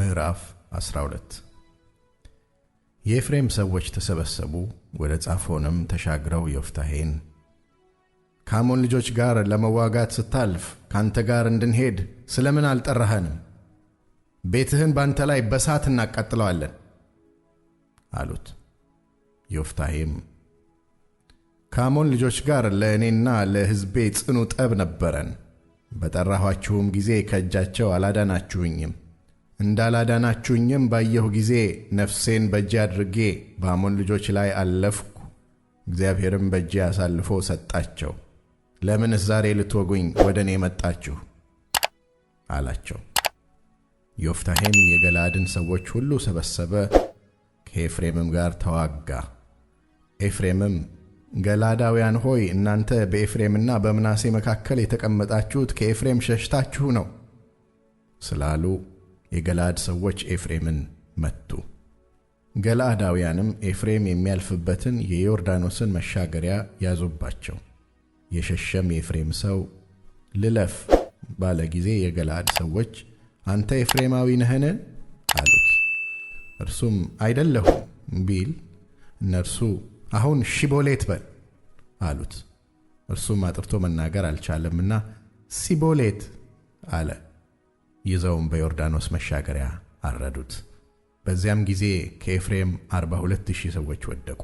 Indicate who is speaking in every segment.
Speaker 1: ምዕራፍ 12 የኤፍሬም ሰዎች ተሰበሰቡ፣ ወደ ጻፎንም ተሻግረው ዮፍታሔን ከአሞን ልጆች ጋር ለመዋጋት ስታልፍ ካንተ ጋር እንድንሄድ ስለ ምን አልጠራኸንም? ቤትህን ባንተ ላይ በሳት እናቃጥለዋለን
Speaker 2: አሉት። ዮፍታሔም ከአሞን ልጆች ጋር ለእኔና ለሕዝቤ ጽኑ ጠብ ነበረን፣ በጠራኋችሁም ጊዜ ከእጃቸው አላዳናችሁኝም እንዳላዳናችሁኝም ባየሁ ጊዜ ነፍሴን በእጄ አድርጌ በአሞን ልጆች ላይ አለፍኩ፣ እግዚአብሔርም በእጄ አሳልፎ ሰጣቸው። ለምንስ ዛሬ ልትወጉኝ ወደ እኔ መጣችሁ? አላቸው። ዮፍታሔም የገላድን ሰዎች ሁሉ ሰበሰበ፣ ከኤፍሬምም ጋር ተዋጋ። ኤፍሬምም ገላዳውያን ሆይ እናንተ በኤፍሬምና በምናሴ መካከል የተቀመጣችሁት ከኤፍሬም ሸሽታችሁ ነው ስላሉ የገላድ ሰዎች ኤፍሬምን መቱ። ገለዓዳውያንም ኤፍሬም የሚያልፍበትን የዮርዳኖስን መሻገሪያ ያዙባቸው። የሸሸም የኤፍሬም ሰው ልለፍ ባለ ጊዜ የገላድ ሰዎች አንተ ኤፍሬማዊ ነህን? አሉት። እርሱም አይደለሁም ቢል እነርሱ አሁን ሺቦሌት በል አሉት። እርሱም አጥርቶ መናገር አልቻለምና ሲቦሌት አለ። ይዘውም በዮርዳኖስ መሻገሪያ አረዱት። በዚያም ጊዜ ከኤፍሬም አርባ ሁለት ሺህ ሰዎች ወደቁ።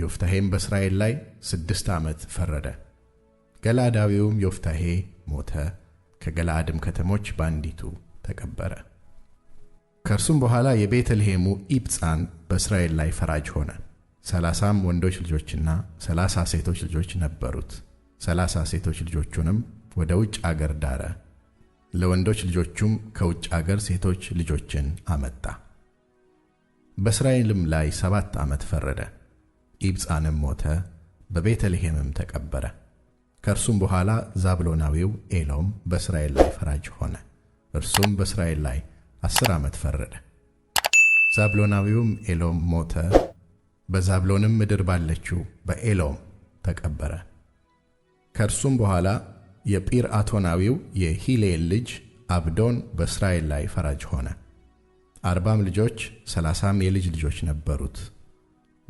Speaker 2: ዮፍታሔም በእስራኤል ላይ ስድስት ዓመት ፈረደ። ገላዳዊውም ዮፍታሔ ሞተ፣ ከገላአድም ከተሞች በአንዲቱ ተቀበረ። ከእርሱም በኋላ የቤተልሔሙ ኢብጻን በእስራኤል ላይ ፈራጅ ሆነ። ሰላሳም ወንዶች ልጆችና ሰላሳ ሴቶች ልጆች ነበሩት። ሰላሳ ሴቶች ልጆቹንም ወደ ውጭ አገር ዳረ። ለወንዶች ልጆቹም ከውጭ አገር ሴቶች ልጆችን አመጣ። በእስራኤልም ላይ ሰባት ዓመት ፈረደ። ኢብፃንም ሞተ፣ በቤተልሔምም ተቀበረ። ከእርሱም በኋላ ዛብሎናዊው ኤሎም በእስራኤል ላይ ፈራጅ ሆነ። እርሱም በእስራኤል ላይ አስር ዓመት ፈረደ። ዛብሎናዊውም ኤሎም ሞተ፣ በዛብሎንም ምድር ባለችው በኤሎም ተቀበረ። ከእርሱም በኋላ የጲርአቶናዊው የሂሌል ልጅ አብዶን በእስራኤል ላይ ፈራጅ ሆነ። አርባም ልጆች ሰላሳም የልጅ ልጆች ነበሩት።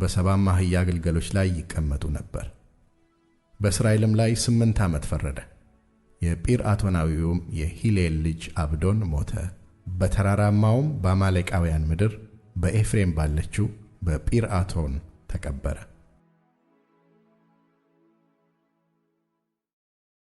Speaker 2: በሰባም አህያ ግልገሎች ላይ ይቀመጡ ነበር። በእስራኤልም ላይ ስምንት ዓመት ፈረደ። የጲርአቶናዊውም የሂሌል ልጅ አብዶን ሞተ። በተራራማውም በአማሌቃውያን ምድር በኤፍሬም ባለችው በጲርአቶን ተቀበረ።